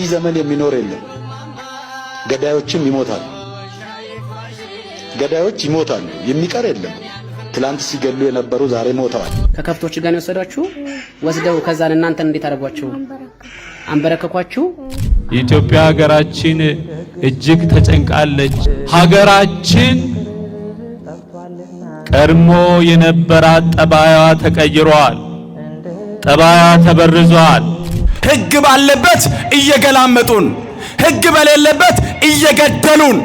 ሺህ ዘመን የሚኖር የለም። ገዳዮችም ይሞታሉ። ገዳዮች ይሞታሉ። የሚቀር የለም። ትላንት ሲገሉ የነበሩ ዛሬ ሞተዋል። ከከብቶች ጋር ነው የወሰዷችሁ ወስደው ከዛን እናንተን እንዴት አደረጓችሁ? አንበረከኳችሁ። የኢትዮጵያ ሀገራችን እጅግ ተጨንቃለች። ሀገራችን ቀድሞ የነበራት ጠባያዋ ተቀይሯል። ጠባያ ተበርዟል። ህግ ባለበት እየገላመጡን፣ ህግ በሌለበት እየገደሉን።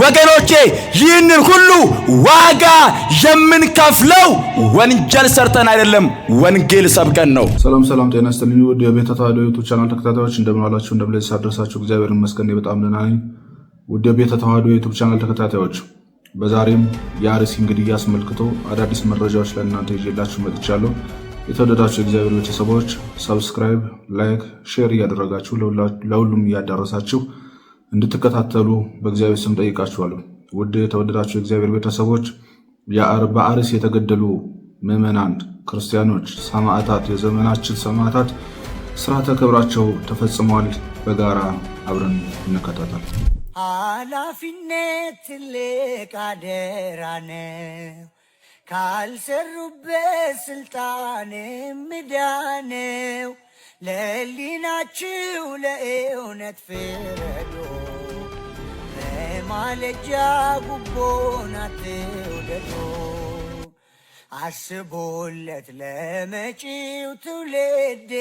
ወገኖቼ ይህንን ሁሉ ዋጋ የምንከፍለው ወንጀል ሰርተን አይደለም፣ ወንጌል ሰብከን ነው። ሰላም ሰላም፣ ጤና ይስጥልኝ ውድ የቤተ ተዋሕዶ ዩቱብ ቻናል ተከታታዮች እንደምን ዋላችሁ? እንደምን ለዚህ ሰዓት እግዚአብሔር ይመስገን በጣም ደህና ነኝ። ውድ የቤተ ተዋሕዶ ዩቱብ ቻናል ተከታታዮች በዛሬም የአርሲ እንግዲህ አስመልክቶ አዳዲስ መረጃዎች ለእናንተ ይዤላችሁ መጥቻለሁ። የተወደዳችሁ እግዚአብሔር ቤተሰቦች ሰብስክራይብ፣ ላይክ፣ ሼር እያደረጋችሁ ለሁሉም እያዳረሳችሁ እንድትከታተሉ በእግዚአብሔር ስም ጠይቃችኋለሁ። ውድ የተወደዳችሁ እግዚአብሔር ቤተሰቦች በአርሲ የተገደሉ ምዕመናን፣ ክርስቲያኖች፣ ሰማዕታት፣ የዘመናችን ሰማዕታት ስርዓተ ክብራቸው ተፈጽሟል። በጋራ አብረን እንከታተል። ኃላፊነት ትልቅ አደራ ነው። ካልሰሩበት ስልጣን ምዳነው ለሊናችሁ ለእውነት ፍረዶ በማለጃ ጉቦን አትውደዶ አስቦለት ለመጪው ትውልድ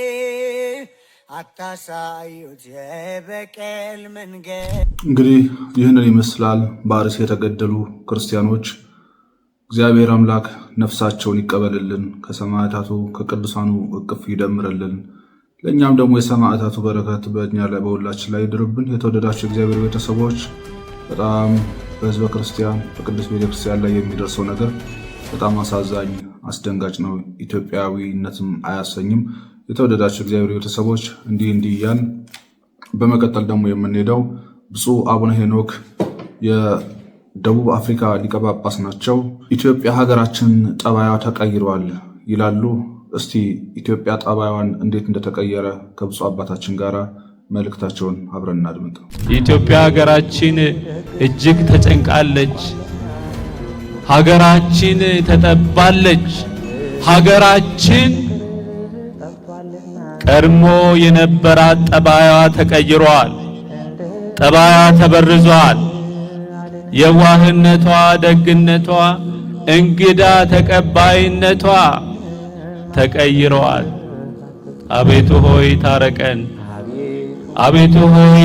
አታሳዩት የበቀል መንገድ። እንግዲህ ይህንን ይመስላል በአርሲ የተገደሉ ክርስቲያኖች እግዚአብሔር አምላክ ነፍሳቸውን ይቀበልልን፣ ከሰማዕታቱ ከቅዱሳኑ እቅፍ ይደምርልን። ለእኛም ደግሞ የሰማዕታቱ በረከት በእኛ ላይ በሁላችን ላይ ይድርብን። የተወደዳቸው እግዚአብሔር ቤተሰቦች በጣም በህዝበ ክርስቲያን በቅዱስ ቤተክርስቲያን ላይ የሚደርሰው ነገር በጣም አሳዛኝ አስደንጋጭ ነው። ኢትዮጵያዊነትም አያሰኝም። የተወደዳቸው እግዚአብሔር ቤተሰቦች እንዲህ እንዲህ እያን በመቀጠል ደግሞ የምንሄደው ብፁዕ አቡነ ሄኖክ ደቡብ አፍሪካ ሊቀ ጳጳስ ናቸው። ኢትዮጵያ ሀገራችን ጠባያ ተቀይሯል ይላሉ። እስቲ ኢትዮጵያ ጠባያዋን እንዴት እንደተቀየረ ከብፁ አባታችን ጋር መልእክታቸውን አብረን እናድምጥ። የኢትዮጵያ ሀገራችን እጅግ ተጨንቃለች። ሀገራችን ተጠባለች። ሀገራችን ቀድሞ የነበራት ጠባያዋ ተቀይሯል። ጠባያ ተበርዟል። የዋህነቷ፣ ደግነቷ፣ እንግዳ ተቀባይነቷ ተቀይረዋል። አቤቱ ሆይ ታረቀን። አቤቱ ሆይ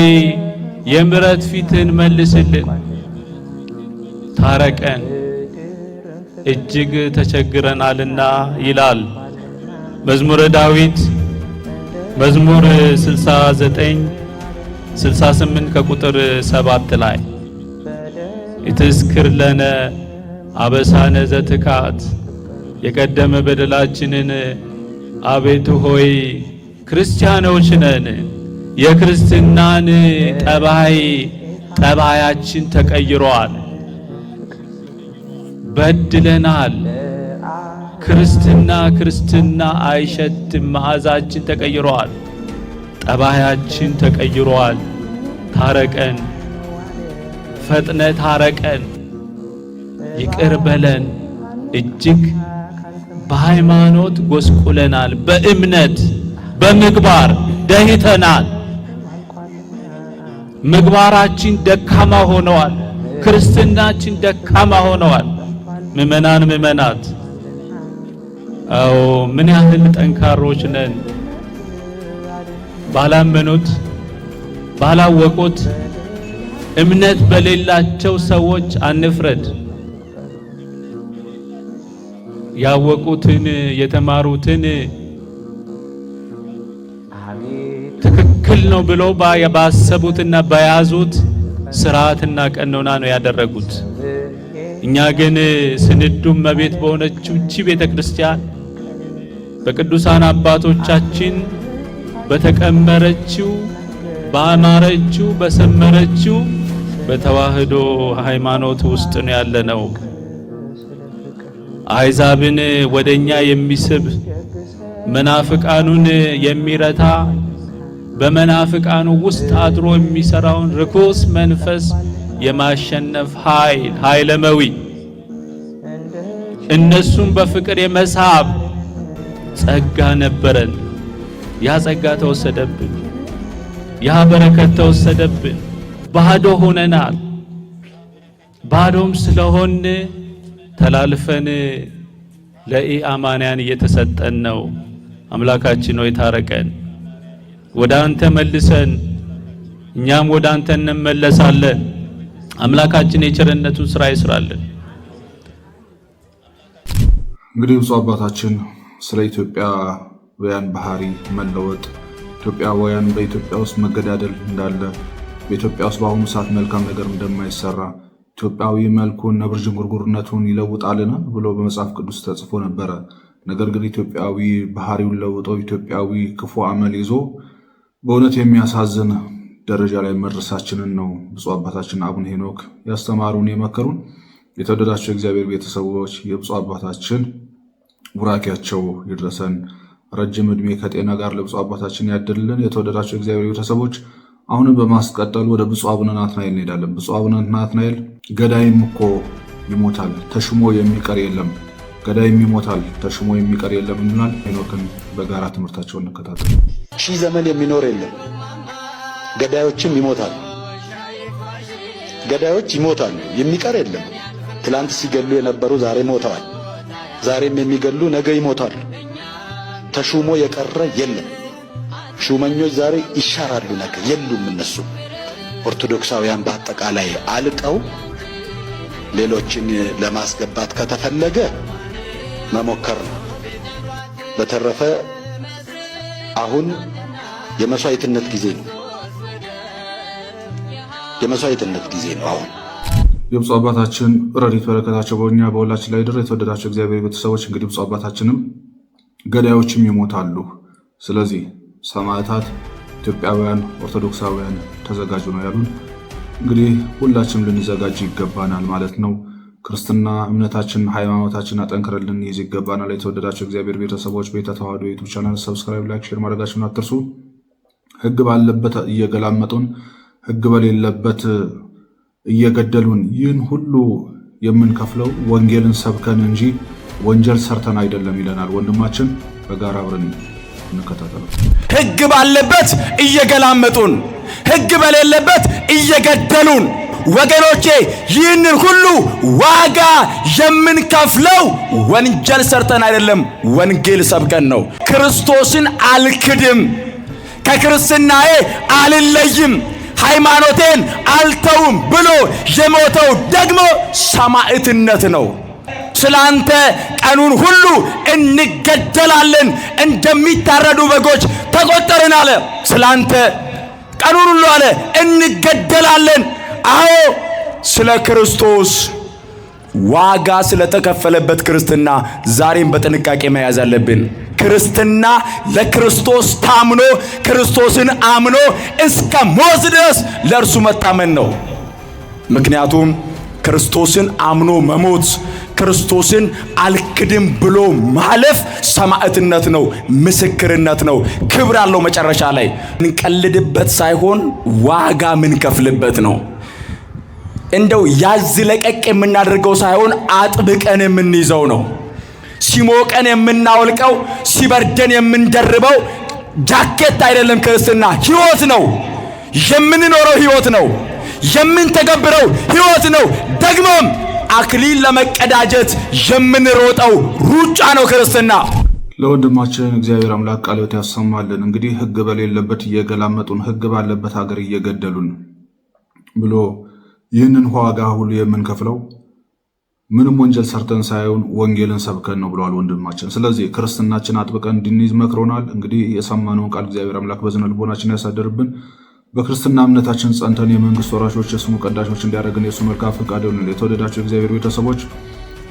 የምረት ፊትን መልስልን፣ ታረቀን እጅግ ተቸግረናልና ይላል መዝሙረ ዳዊት መዝሙር 69 68 ከቁጥር 7 ላይ ኢትዝክር ለነ አበሳነ ዘትካት የቀደመ በደላችንን አቤቱ ሆይ ክርስቲያኖች ነን። የክርስትናን ጠባይ ጠባያችን ተቀይሯል። በድለናል። ክርስትና ክርስትና አይሸትም። መዓዛችን ተቀይሯል። ጠባያችን ተቀይሯል። ታረቀን። ፈጥነ ታረቀን፣ ይቅር በለን። እጅግ በሃይማኖት ጎስቁለናል፣ በእምነት በምግባር ደህተናል። ምግባራችን ደካማ ሆነዋል። ክርስትናችን ደካማ ሆነዋል። ምእመናን ምእመናት፣ አዎ ምን ያህል ጠንካሮች ነን! ባላመኑት ባላወቁት እምነት በሌላቸው ሰዎች አንፍረድ። ያወቁትን የተማሩትን ትክክል ነው ብሎ ባሰቡትና በያዙት ስርዓትና ቀኖና ነው ያደረጉት። እኛ ግን ስንዱ መቤት በሆነችው እቺ ቤተ ክርስቲያን በቅዱሳን አባቶቻችን በተቀመረችው ባማረችው በሰመረችው በተዋህዶ ሃይማኖት ውስጥ ነው ያለነው። አሕዛብን ወደኛ የሚስብ መናፍቃኑን የሚረታ በመናፍቃኑ ውስጥ አድሮ የሚሰራውን ርኩስ መንፈስ የማሸነፍ ኃይል ኃይለመዊ እነሱን በፍቅር የመሳብ ጸጋ ነበረን። ያ ጸጋ ተወሰደብን። ያ በረከት ተወሰደብን። ባዶ ሆነናል። ባዶም ስለሆን ተላልፈን ለኢአማንያን እየተሰጠን ነው። አምላካችን ሆይ ታረቀን፣ ወደ አንተ መልሰን፣ እኛም ወደ አንተ እንመለሳለን። አምላካችን የቸርነቱን ስራ ይስራልን። እንግዲህ ብፁዕ አባታችን ስለ ኢትዮጵያውያን ባህሪ መለወጥ፣ ኢትዮጵያውያን በኢትዮጵያ ውስጥ መገዳደል እንዳለ በኢትዮጵያ ውስጥ በአሁኑ ሰዓት መልካም ነገር እንደማይሰራ ኢትዮጵያዊ መልኩን ነብር ዥንጉርጉርነቱን ይለውጣልን ብሎ በመጽሐፍ ቅዱስ ተጽፎ ነበረ። ነገር ግን ኢትዮጵያዊ ባህሪውን ለውጦ ኢትዮጵያዊ ክፉ አመል ይዞ በእውነት የሚያሳዝን ደረጃ ላይ መድረሳችንን ነው ብፁ አባታችን አቡነ ሄኖክ ያስተማሩን የመከሩን። የተወደዳቸው እግዚአብሔር ቤተሰቦች የብፁ አባታችን ቡራኪያቸው ይድረሰን። ረጅም እድሜ ከጤና ጋር ለብፁ አባታችን ያድልን። የተወደዳቸው እግዚአብሔር ቤተሰቦች አሁንም በማስቀጠል ወደ ብፁዕ አቡነ ናትናኤል እንሄዳለን። ብፁዕ አቡነ ናትናኤል ገዳይም እኮ ይሞታል ተሽሞ የሚቀር የለም፣ ገዳይም ይሞታል ተሽሞ የሚቀር የለም እንላል። ሄኖክን በጋራ ትምህርታቸውን እንከታተል። ሺህ ዘመን የሚኖር የለም፣ ገዳዮችም ይሞታል። ገዳዮች ይሞታሉ፣ የሚቀር የለም። ትላንት ሲገሉ የነበሩ ዛሬ ሞተዋል። ዛሬም የሚገሉ ነገ ይሞታሉ። ተሹሞ የቀረ የለም። ሹመኞች ዛሬ ይሻራሉ፣ ነገ የሉም። እነሱ ኦርቶዶክሳውያን በአጠቃላይ አልቀው ሌሎችን ለማስገባት ከተፈለገ መሞከር ነው። በተረፈ አሁን የመስዋዕትነት ጊዜ ነው። የመስዋዕትነት ጊዜ ነው አሁን የብፁ አባታችን ረድኤት በረከታቸው በእኛ በሁላችን ላይ ድር የተወደዳቸው እግዚአብሔር ቤተሰቦች እንግዲህ ብፁ አባታችንም ገዳዮችም ይሞታሉ። ስለዚህ ሰማዕታት፣ ኢትዮጵያውያን ኦርቶዶክሳውያን ተዘጋጁ ነው ያሉን። እንግዲህ ሁላችንም ልንዘጋጅ ይገባናል ማለት ነው። ክርስትና እምነታችን፣ ሃይማኖታችን አጠንክረን ልንይዝ ይገባናል። የተወደዳቸው እግዚአብሔር ቤተሰቦች ቤተ ተዋህዶ ዩቱብ ቻናል ሰብስክራይብ፣ ላይክ፣ ሼር ማድረጋችሁን አትርሱ። ህግ ባለበት እየገላመጡን፣ ህግ በሌለበት እየገደሉን ይህን ሁሉ የምንከፍለው ወንጌልን ሰብከን እንጂ ወንጀል ሰርተን አይደለም ይለናል ወንድማችን። በጋራ አብረን እንከታተለው። ሕግ ባለበት እየገላመጡን፣ ሕግ በሌለበት እየገደሉን። ወገኖቼ ይህንን ሁሉ ዋጋ የምንከፍለው ወንጀል ሰርተን አይደለም፣ ወንጌል ሰብከን ነው። ክርስቶስን አልክድም፣ ከክርስትናዬ አልለይም፣ ሃይማኖቴን አልተውም ብሎ የሞተው ደግሞ ሰማዕትነት ነው። ስለ አንተ ቀኑን ሁሉ እንገደላለን፣ እንደሚታረዱ በጎች ተቆጠርን አለ። ስለ አንተ ቀኑን ሁሉ አለ እንገደላለን። አዎ ስለ ክርስቶስ ዋጋ ስለተከፈለበት ክርስትና ዛሬም በጥንቃቄ መያዝ አለብን። ክርስትና ለክርስቶስ ታምኖ ክርስቶስን አምኖ እስከ ሞት ድረስ ለእርሱ መታመን ነው። ምክንያቱም ክርስቶስን አምኖ መሞት፣ ክርስቶስን አልክድም ብሎ ማለፍ ሰማዕትነት ነው፣ ምስክርነት ነው፣ ክብር አለው። መጨረሻ ላይ ምንቀልድበት ሳይሆን ዋጋ ምንከፍልበት ነው። እንደው ያዝ ለቀቅ የምናደርገው ሳይሆን አጥብቀን የምንይዘው ነው። ሲሞቀን የምናወልቀው፣ ሲበርደን የምንደርበው ጃኬት አይደለም። ክርስትና ሕይወት ነው። የምንኖረው ሕይወት ነው። የምንተገብረው ህይወት ነው። ደግሞም አክሊል ለመቀዳጀት የምንሮጠው ሩጫ ነው ክርስትና። ለወንድማችን እግዚአብሔር አምላክ ቃልዮት ያሰማልን። እንግዲህ ህግ በሌለበት እየገላመጡን፣ ህግ ባለበት ሀገር እየገደሉን ብሎ ይህንን ዋጋ ሁሉ የምንከፍለው ምንም ወንጀል ሰርተን ሳይሆን ወንጌልን ሰብከን ነው ብለዋል ወንድማችን። ስለዚህ ክርስትናችን አጥብቀን እንድንይዝ መክሮናል። እንግዲህ የሰማነውን ቃል እግዚአብሔር አምላክ በዝነ ልቦናችን ያሳደርብን። በክርስትና እምነታችን ጸንተን የመንግስት ወራሾች የስሙ ቀዳሾች እንዲያደርግን የእሱ መልካም ፈቃድ ይሁንልን። የተወደዳቸው የእግዚአብሔር ቤተሰቦች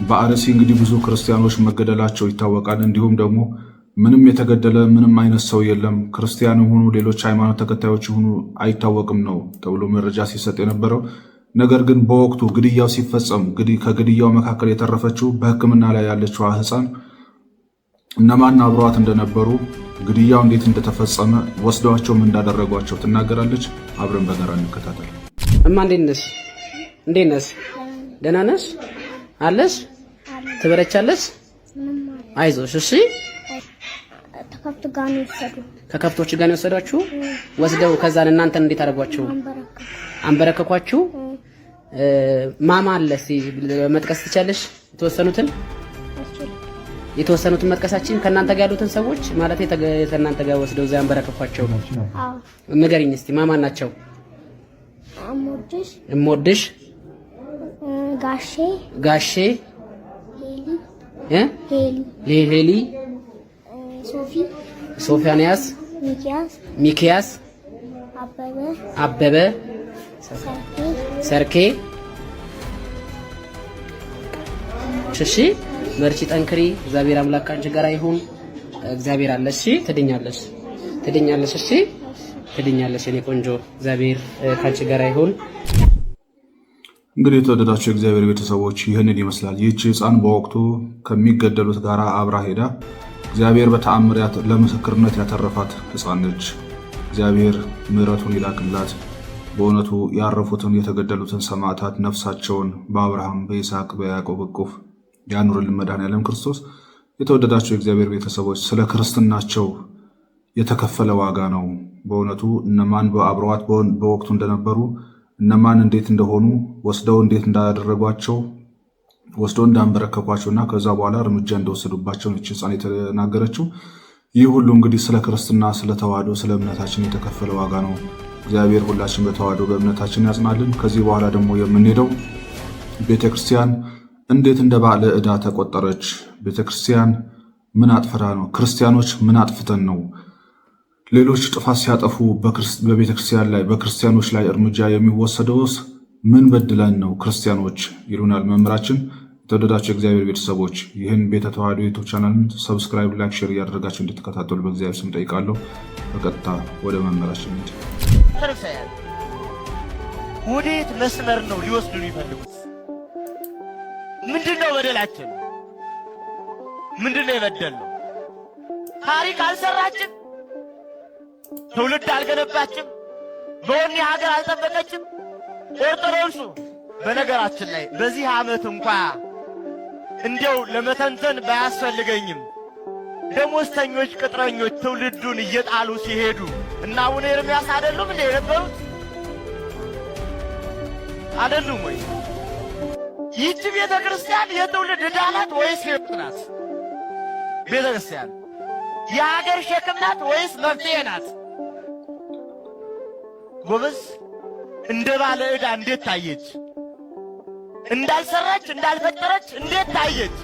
በአርሲ እንግዲህ ብዙ ክርስቲያኖች መገደላቸው ይታወቃል። እንዲሁም ደግሞ ምንም የተገደለ ምንም አይነት ሰው የለም፣ ክርስቲያን የሆኑ ሌሎች ሃይማኖት ተከታዮች የሆኑ አይታወቅም ነው ተብሎ መረጃ ሲሰጥ የነበረው። ነገር ግን በወቅቱ ግድያው ሲፈጸም ከግድያው መካከል የተረፈችው በሕክምና ላይ ያለችዋ ሕፃን እነማን አብረዋት እንደነበሩ ግድያው እንዴት እንደተፈጸመ ወስደዋቸውም እንዳደረጓቸው ትናገራለች። አብረን በጋራ እንከታተል። እማ እንዴት ነሽ? እንዴት ነሽ? ደህና ነሽ? አለሽ? ትበለቻለሽ? አይዞሽ። እሺ። ከከብቶች ጋር ነው የወሰዷችሁ? ወስደው ከዛን እናንተን እንዴት አደረጓችሁ? አንበረከኳችሁ? ማማ አለ መጥቀስ ትቻለሽ የተወሰኑትን? የተወሰኑትን መጥቀሳችን ከእናንተ ጋር ያሉትን ሰዎች ማለት ከእናንተ ጋር ወስደው እዚያ ነው። ንገሪኝ እስቲ ማማን ናቸው? እሞድሽ፣ ጋሼ፣ ጋሼ፣ ሄሊ፣ ሶፊያንያስ፣ ሚኪያስ፣ አበበ፣ ሰርኬ። እሺ በርቺ፣ ጠንክሪ። እግዚአብሔር አምላክ ካንቺ ጋር ይሁን። እግዚአብሔር አለ። እሺ፣ ትድኛለሽ፣ ትድኛለሽ። እሺ፣ ትድኛለሽ የኔ ቆንጆ። እግዚአብሔር ካንቺ ጋር ይሁን። እንግዲህ የተወደዳቸው እግዚአብሔር ቤተሰቦች ይህንን ይመስላል። ይህች ሕፃን በወቅቱ ከሚገደሉት ጋር አብራ ሄዳ እግዚአብሔር በተአምር ለምስክርነት ያተረፋት ሕፃን ነች። እግዚአብሔር ምሕረቱን ይላክላት። በእውነቱ ያረፉትን የተገደሉትን ሰማዕታት ነፍሳቸውን በአብርሃም በይስሐቅ በያዕቆብ እቁፍ ያኑርልን መድኃኔዓለም ክርስቶስ። የተወደዳቸው የእግዚአብሔር ቤተሰቦች ስለ ክርስትናቸው የተከፈለ ዋጋ ነው። በእውነቱ እነማን በአብረዋት በወቅቱ እንደነበሩ እነማን እንዴት እንደሆኑ ወስደው እንዴት እንዳደረጓቸው ወስደው እንዳንበረከኳቸው እና ከዛ በኋላ እርምጃ እንደወሰዱባቸው ነች ህፃን የተናገረችው። ይህ ሁሉ እንግዲህ ስለ ክርስትና፣ ስለ ተዋህዶ፣ ስለ እምነታችን የተከፈለ ዋጋ ነው። እግዚአብሔር ሁላችን በተዋህዶ በእምነታችን ያጽናልን። ከዚህ በኋላ ደግሞ የምንሄደው ቤተክርስቲያን እንዴት እንደ ባለ ዕዳ ተቆጠረች ቤተ ክርስቲያን? ምን አጥፍታ ነው? ክርስቲያኖች ምን አጥፍተን ነው ሌሎች ጥፋት ሲያጠፉ በቤተ ክርስቲያን ላይ በክርስቲያኖች ላይ እርምጃ የሚወሰደውስ ምን በድለን ነው ክርስቲያኖች? ይሉናል መምህራችን። የተወደዳቸው የእግዚአብሔር ቤተሰቦች ይህን ቤተ ተዋሕዶ ዩቱብ ቻናልን ሰብስክራይብ፣ ላይክ፣ ሼር እያደረጋቸው እንድትከታተሉ በእግዚአብሔር ስም ጠይቃለሁ። በቀጥታ ወደ መምህራችን ወዴት መስመር ነው ሊወስዱ የሚፈልጉት? ምንድን ነው በደላችን? ምንድን ነው የበደልነው? ታሪክ አልሰራችም። ትውልድ አልገነባችም። በወኔ ሀገር አልጠበቀችም። ኦርቶዶክሱ በነገራችን ላይ በዚህ ዓመት እንኳ እንዲያው ለመተንተን ባያስፈልገኝም ደሞዝተኞች፣ ቅጥረኞች ትውልዱን እየጣሉ ሲሄዱ እና አቡነ ኤርምያስ አይደሉም እንደ የነበሩት አይደሉም ወይ? ይህች ቤተ ክርስቲያን የትውልድ ዕዳ ናት ወይስ ሕይወት ናት? ቤተ ክርስቲያን የሀገር ሸክም ናት ወይስ መፍትሄ ናት? ጎበዝ፣ እንደ ባለ ዕዳ እንዴት ታየች? እንዳልሰራች እንዳልፈጠረች እንዴት ታየች?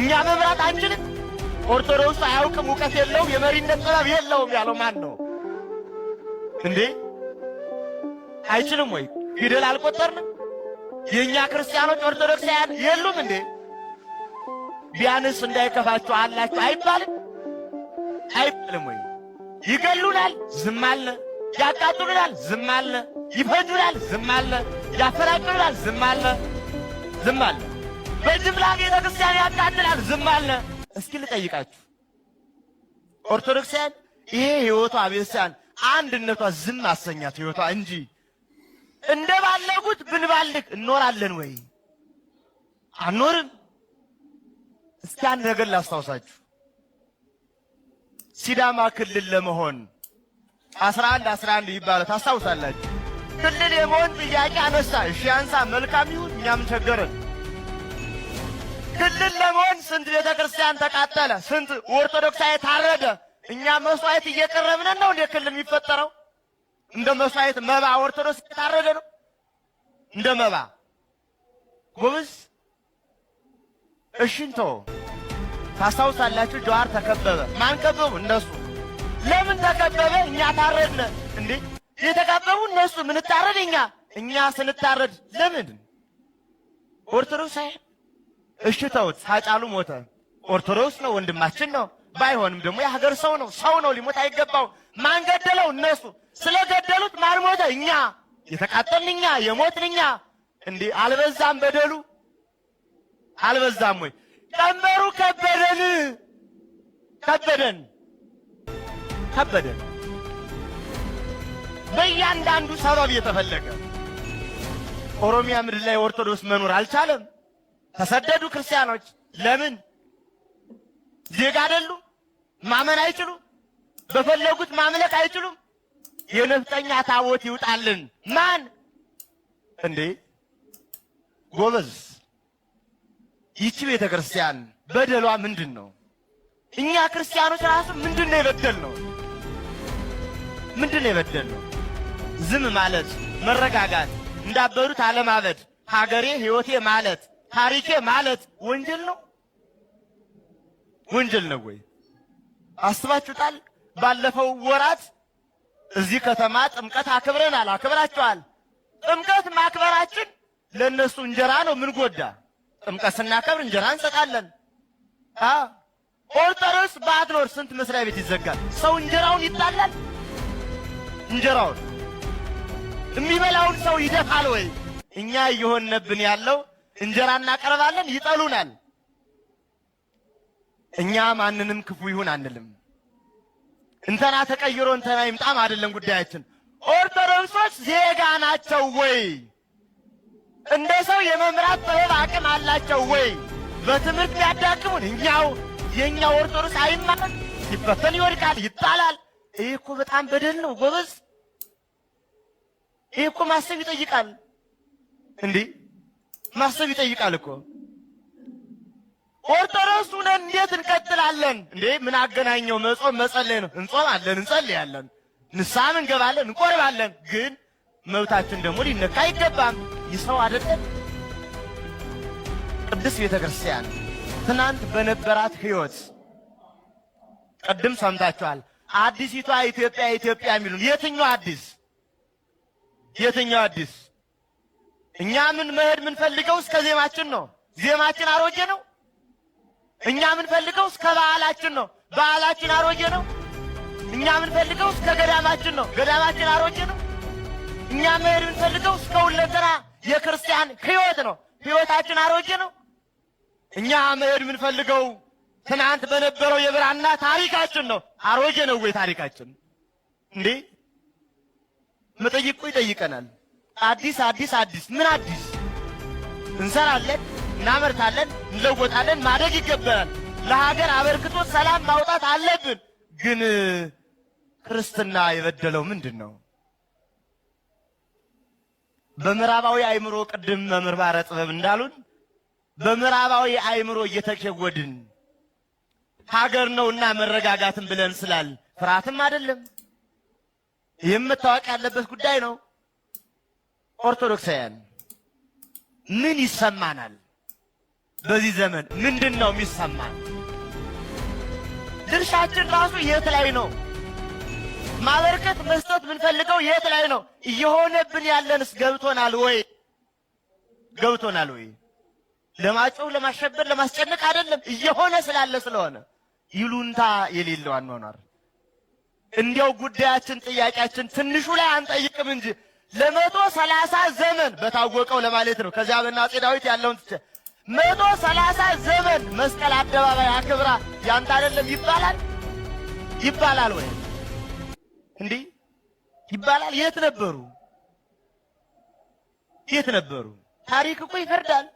እኛ መምራት አንችልም፣ ኦርቶዶክስ አያውቅም፣ እውቀት የለውም፣ የመሪነት ጥበብ የለውም ያለው ማን ነው እንዴ? አይችልም ወይ? ፊደል አልቆጠርንም የእኛ ክርስቲያኖች ኦርቶዶክሳውያን የሉም እንዴ? ቢያንስ እንዳይከፋችሁ አላችሁ አይባልም አይባልም ወይ? ይገሉናል፣ ዝም አልነ። ያቃጥሉናል፣ ዝም አልነ። ይፈጁናል፣ ዝም አልነ። ያፈናቅሉናል፣ ዝም አልነ። ዝም አልነ። በጅምላ ቤተ ክርስቲያን ያቃጥላል፣ ዝም አልነ። እስኪ ልጠይቃችሁ ኦርቶዶክሳውያን፣ ይሄ ሕይወቷ ክርስቲያን አንድነቷ ዝም አሰኛት ሕይወቷ እንጂ እንደ ባለጉት ብንባልግ እንኖራለን ወይ? አኖርም እስኪ አንድ ነገር ላስታውሳችሁ። ሲዳማ ክልል ለመሆን 11 11 ይባላል። ታስታውሳላችሁ? ክልል የመሆን ጥያቄ አነሳ። እሺ አንሳ፣ መልካም ይሁን። እኛም ቸገረን። ክልል ለመሆን ስንት ቤተ ክርስቲያን ተቃጠለ፣ ስንት ኦርቶዶክሳዊ ታረደ። እኛ መስዋዕት እየቀረብነን ነው። እንደ ክልል የሚፈጠረው እንደ መስዋዕት መባ ኦርቶዶክስ የታረደ ነው። እንደ መባ ጎብዝ እሽንቶ ታስታውሳላችሁ። ጀዋር ተከበበ። ማን ከበቡ? እነሱ። ለምን ተከበበ? እኛ ታረድነ እንዴ? የተከበቡ እነሱ፣ ምንታረድ እኛ። እኛ ስንታረድ ለምን ኦርቶዶክስ? አይ እሽተውት ሳጫሉ ሞተ። ኦርቶዶክስ ነው፣ ወንድማችን ነው። ባይሆንም ደግሞ የሀገር ሰው ነው፣ ሰው ነው፣ ሊሞት አይገባው። ማን ገደለው? እነሱ ስለገደሉት ማን ሞተ? እኛ የተቃጠልን እኛ የሞትን እኛ። እንዲህ አልበዛም በደሉ አልበዛም ወይ? ቀንበሩ ከበደን ከበደን ከበደን በእያንዳንዱ ሰበብ የተፈለገ ኦሮሚያ ምድር ላይ ኦርቶዶክስ መኖር አልቻለም። ተሰደዱ ክርስቲያኖች ለምን? ዜጋ አይደሉ? ማመን አይችሉም። በፈለጉት ማምለክ አይችሉም። የነፍጠኛ ታቦት ይውጣልን። ማን እንዴ ጎበዝ፣ ይቺ ቤተ ክርስቲያን በደሏ ምንድን ነው? እኛ ክርስቲያኖች ራሱ ምንድን ነው የበደል ነው? ምንድን ነው የበደል ነው? ዝም ማለት፣ መረጋጋት፣ እንዳበዱት አለማበድ፣ ሀገሬ ህይወቴ ማለት፣ ታሪኬ ማለት ወንጀል ነው። ወንጀል ነው ወይ? አስባችሁታል? ባለፈው ወራት እዚህ ከተማ ጥምቀት አክብረናል፣ አክብራችኋል። ጥምቀት ማክበራችን ለእነሱ እንጀራ ነው። ምን ጎዳ? ጥምቀት ስናከብር እንጀራ እንሰጣለን። ኦርቶዶክስ በአድኖር ስንት መስሪያ ቤት ይዘጋል? ሰው እንጀራውን ይጣላል። እንጀራውን የሚበላውን ሰው ይደፋል ወይ? እኛ እየሆነብን ያለው እንጀራ እናቀርባለን፣ ይጠሉናል። እኛ ማንንም ክፉ ይሁን አንልም። እንተና ተቀይሮ እንተና ይምጣም አይደለም ጉዳያችን። ኦርቶዶክሶች ዜጋ ናቸው ወይ? እንደ ሰው የመምራት ጥበብ አቅም አላቸው ወይ? በትምህርት ቢያዳክሙን እኛው የእኛ ኦርቶዶክስ አይማርም፣ ይበተን፣ ይወድቃል፣ ይጣላል። ይህ እኮ በጣም በደል ነው ጎበዝ። ይህ እኮ ማሰብ ይጠይቃል። እንዲህ ማሰብ ይጠይቃል እኮ ኦርቶዶክስ ሁነን እንዴት እንቀጥላለን እንዴ? ምን አገናኘው? መጾም መጸለይ ነው። እንጾማለን፣ እንጸልያለን፣ ንስሐም እንገባለን፣ እንቆርባለን። ግን መብታችን ደግሞ ሊነካ አይገባም። ይሰው አይደለም ቅድስት ቤተ ክርስቲያን ትናንት በነበራት ሕይወት ቅድም ሰምታችኋል። አዲሲቷ ኢትዮጵያ ኢትዮጵያ የሚሉን የትኛው አዲስ የትኛው አዲስ? እኛ ምን መሄድ የምንፈልገው እስከ ዜማችን ነው። ዜማችን አሮጌ ነው። እኛ ምንፈልገው እስከ በዓላችን ነው። በዓላችን አሮጌ ነው። እኛ ምንፈልገው እስከ ገዳማችን ነው። ገዳማችን አሮጌ ነው። እኛ መሄድ ምንፈልገው እስከ ሁለንተና የክርስቲያን ሕይወት ነው። ሕይወታችን አሮጌ ነው። እኛ መሄድ የምንፈልገው ትናንት በነበረው የብራና ታሪካችን ነው። አሮጌ ነው ወይ ታሪካችን? እንዴ መጠይቅ ይጠይቀናል። አዲስ አዲስ አዲስ ምን አዲስ እንሰራለን እናመርታለን፣ እንለወጣለን፣ ማደግ ይገባናል። ለሀገር አበርክቶ ሰላም ማውጣት አለብን። ግን ክርስትና የበደለው ምንድን ነው? በምዕራባዊ አእምሮ ቅድም መምህር ባረ ጥበብ እንዳሉን በምዕራባዊ አእምሮ እየተሸወድን ሀገር ነውና መረጋጋትን ብለን ስላል ፍርሃትም አይደለም። ይህም መታወቅ ያለበት ጉዳይ ነው። ኦርቶዶክሳውያን ምን ይሰማናል? በዚህ ዘመን ምንድን ነው የሚሰማ? ድርሻችን ራሱ የት ላይ ነው? ማበርከት መስጠት የምንፈልገው የት ላይ ነው? እየሆነብን ያለንስ ገብቶናል ወይ? ገብቶናል ወይ? ለማጮህ፣ ለማሸበር፣ ለማስጨነቅ አይደለም፣ እየሆነ ስላለ ስለሆነ ይሉንታ የሌለው አኗኗር እንዲያው ጉዳያችን ጥያቄያችን ትንሹ ላይ አንጠይቅም እንጂ ለመቶ ሰላሳ ዘመን በታወቀው ለማለት ነው። ከዚያ በእናጼ ዳዊት ያለውን መቶ ሰላሳ ዘመን መስቀል አደባባይ አክብራ ያንተ አይደለም ይባላል ይባላል ወይ እንዴ ይባላል? የት ነበሩ? የት ነበሩ? ታሪክ እኮ ይፈርዳል።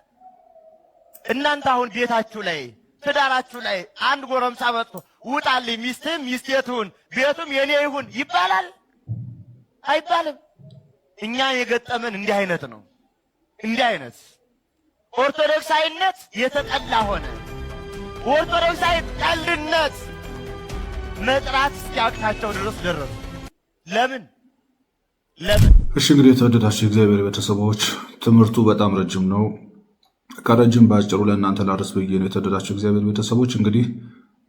እናንተ አሁን ቤታችሁ ላይ ትዳራችሁ ላይ አንድ ጎረምሳ መጥቶ ውጣልኝ፣ ሚስትህም ሚስቴትሁን፣ ቤቱም የኔ ይሁን ይባላል አይባልም? እኛ የገጠመን እንዲህ አይነት ነው። እንዲህ አይነት ኦርቶዶክሳዊነት የተጠላ ሆነ። ኦርቶዶክሳዊ ቀልድነት መጥራት እስኪያቅታቸው ድረስ ደረሱ። ለምን ለምን? እሺ እንግዲህ የተወደዳችሁ የእግዚአብሔር ቤተሰቦች ትምህርቱ በጣም ረጅም ነው። ከረጅም በአጭሩ ለእናንተ ላድረስ ብዬ ነው። የተወደዳችሁ እግዚአብሔር ቤተሰቦች እንግዲህ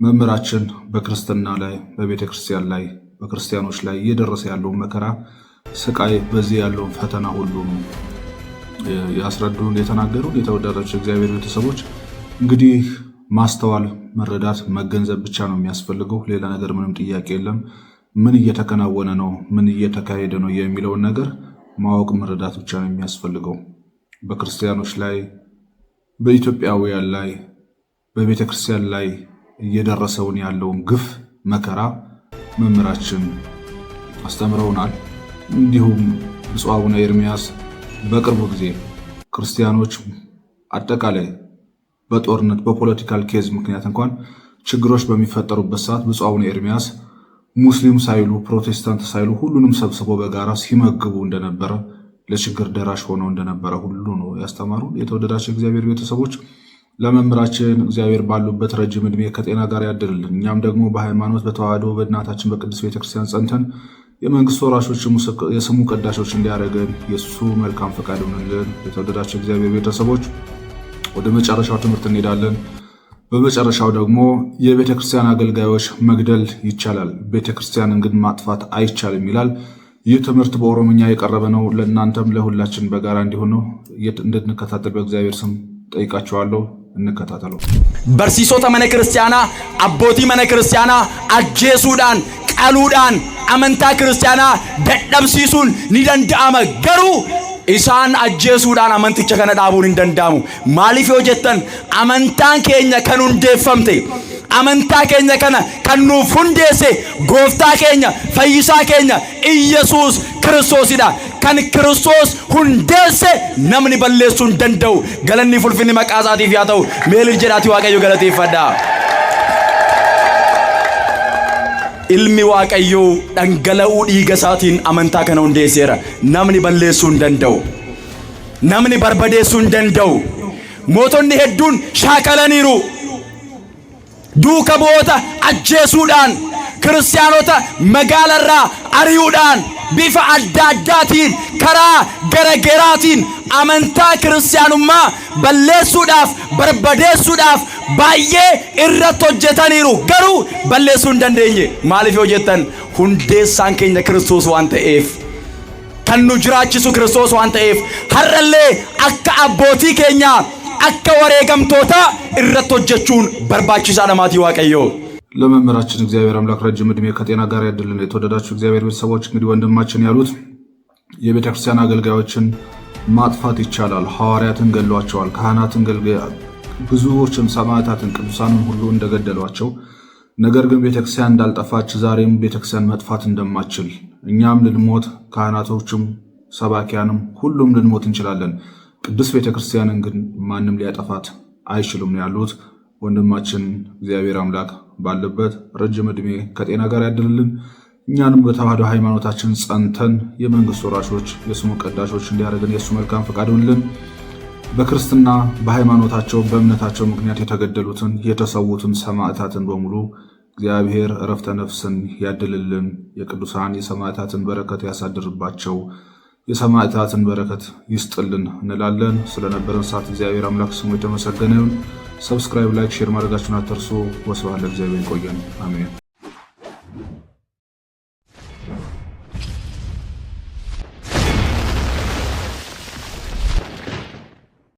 መምህራችን በክርስትና ላይ በቤተ ክርስቲያን ላይ በክርስቲያኖች ላይ እየደረሰ ያለውን መከራ ስቃይ፣ በዚህ ያለውን ፈተና ሁሉ ነው ያስረዱን የተናገሩን የተወደዳቸው እግዚአብሔር ቤተሰቦች እንግዲህ ማስተዋል፣ መረዳት፣ መገንዘብ ብቻ ነው የሚያስፈልገው። ሌላ ነገር ምንም ጥያቄ የለም። ምን እየተከናወነ ነው፣ ምን እየተካሄደ ነው የሚለውን ነገር ማወቅ መረዳት ብቻ ነው የሚያስፈልገው። በክርስቲያኖች ላይ፣ በኢትዮጵያውያን ላይ፣ በቤተ ክርስቲያን ላይ እየደረሰውን ያለውን ግፍ መከራ መምህራችን አስተምረውናል። እንዲሁም ብፁዕ አቡነ ኤርሚያስ። በቅርቡ ጊዜ ክርስቲያኖች አጠቃላይ በጦርነት በፖለቲካል ኬዝ ምክንያት እንኳን ችግሮች በሚፈጠሩበት ሰዓት ብፁዕ አቡነ ኤርሚያስ ሙስሊም ሳይሉ ፕሮቴስታንት ሳይሉ ሁሉንም ሰብስቦ በጋራ ሲመግቡ እንደነበረ ለችግር ደራሽ ሆነው እንደነበረ ሁሉ ነው ያስተማሩ። የተወደዳቸው እግዚአብሔር ቤተሰቦች ለመምህራችን እግዚአብሔር ባሉበት ረጅም እድሜ ከጤና ጋር ያድርልን። እኛም ደግሞ በሃይማኖት በተዋህዶ በእናታችን በቅድስት ቤተክርስቲያን ጸንተን የመንግስት ወራሾች የስሙ ቀዳሾች እንዲያደርገን የእሱ መልካም ፈቃድ ሆንልን። የተወደዳቸው እግዚአብሔር ቤተሰቦች ወደ መጨረሻው ትምህርት እንሄዳለን። በመጨረሻው ደግሞ የቤተ ክርስቲያን አገልጋዮች መግደል ይቻላል፣ ቤተ ክርስቲያንን ግን ማጥፋት አይቻልም ይላል። ይህ ትምህርት በኦሮምኛ የቀረበ ነው። ለእናንተም ለሁላችን በጋራ እንዲሆን ነው እንድንከታተል በእግዚአብሔር ስም ጠይቃቸዋለሁ። እንከታተለው። በርሲሶ ተመነ ክርስቲያና አቦቲ መነ ክርስቲያና አጄሱዳን ቀሉዳን amantaa kiristaanaa dadhabsiisuun ni danda'ama garuu isaan ajjeesuudhaan amanticha kana dhaabuun hin danda'amu. Maaliif yoo jettan amantaan keenya kan hundeeffamte amantaa keenya kana kan nuuf hundeesse gooftaa keenya fayyisaa keenya Iyyasuus kiristoosidha. Kan kiristoos hundeesse namni balleessuu hin danda'u galanni fulfinni maqaa isaatiif yaa ta'u meelil jedhaatii waaqayyo galateeffadhaa. ilmi waaqayyoo dhangala'uu dhiiga isaatiin amantaa kana hundeesseera. Namni balleessuu hin danda'u. Namni barbadeessuu hin danda'u. Mootonni hedduun shaakalaniiru. Duuka bu'oota ajjeesuudhaan magaala magaalarraa ari'uudhaan bifa adda addaatiin karaa garagaraatiin amantaa kiristaanummaa balleessuudhaaf barbadeessuudhaaf baay'ee irratti hojjetaniiru garuu balleessuu hin dandeenye maaliif hojjetan hundeessaan keenya kiristoos waan ta'eef. kan nu jiraachisu kiristoos waan ta'eef har'allee akka abbootii keenyaa akka wareegamtoota irratti hojjechuun barbaachisaa namaatii waaqayyo ለመምህራችን እግዚአብሔር አምላክ ረጅም ዕድሜ ከጤና ጋር ያድልን። የተወደዳችሁ እግዚአብሔር ቤተሰቦች እንግዲህ ወንድማችን ያሉት የቤተክርስቲያን አገልጋዮችን ማጥፋት ይቻላል። ሐዋርያትን ገሏቸዋል። ካህናትን ብዙዎችም ሰማዕታትን ቅዱሳንም ሁሉ እንደገደሏቸው ነገር ግን ቤተክርስቲያን እንዳልጠፋች ዛሬም ቤተክርስቲያን መጥፋት እንደማችል እኛም ልንሞት ካህናቶችም ሰባኪያንም ሁሉም ልንሞት እንችላለን። ቅዱስ ቤተክርስቲያንን ግን ማንም ሊያጠፋት አይችሉም ነው ያሉት ወንድማችን። እግዚአብሔር አምላክ ባለበት ረጅም ዕድሜ ከጤና ጋር ያድልልን። እኛንም በተዋህዶ ሃይማኖታችን ጸንተን የመንግስት ወራሾች የስሙ ቀዳሾች እንዲያደርገን የእሱ መልካም ፈቃድ ይሁንልን። በክርስትና በሃይማኖታቸው በእምነታቸው ምክንያት የተገደሉትን የተሰዉትን ሰማዕታትን በሙሉ እግዚአብሔር እረፍተ ነፍስን ያድልልን። የቅዱሳን የሰማዕታትን በረከት ያሳድርባቸው፣ የሰማዕታትን በረከት ይስጥልን እንላለን። ስለነበረን ሰዓት እግዚአብሔር አምላክ ስሙ የተመሰገነ ይሁን። ሰብስክራይብ፣ ላይክ፣ ሼር ማድረጋችሁን አትርሱ። ወስብሐት ለእግዚአብሔር። ቆየን። አሜን።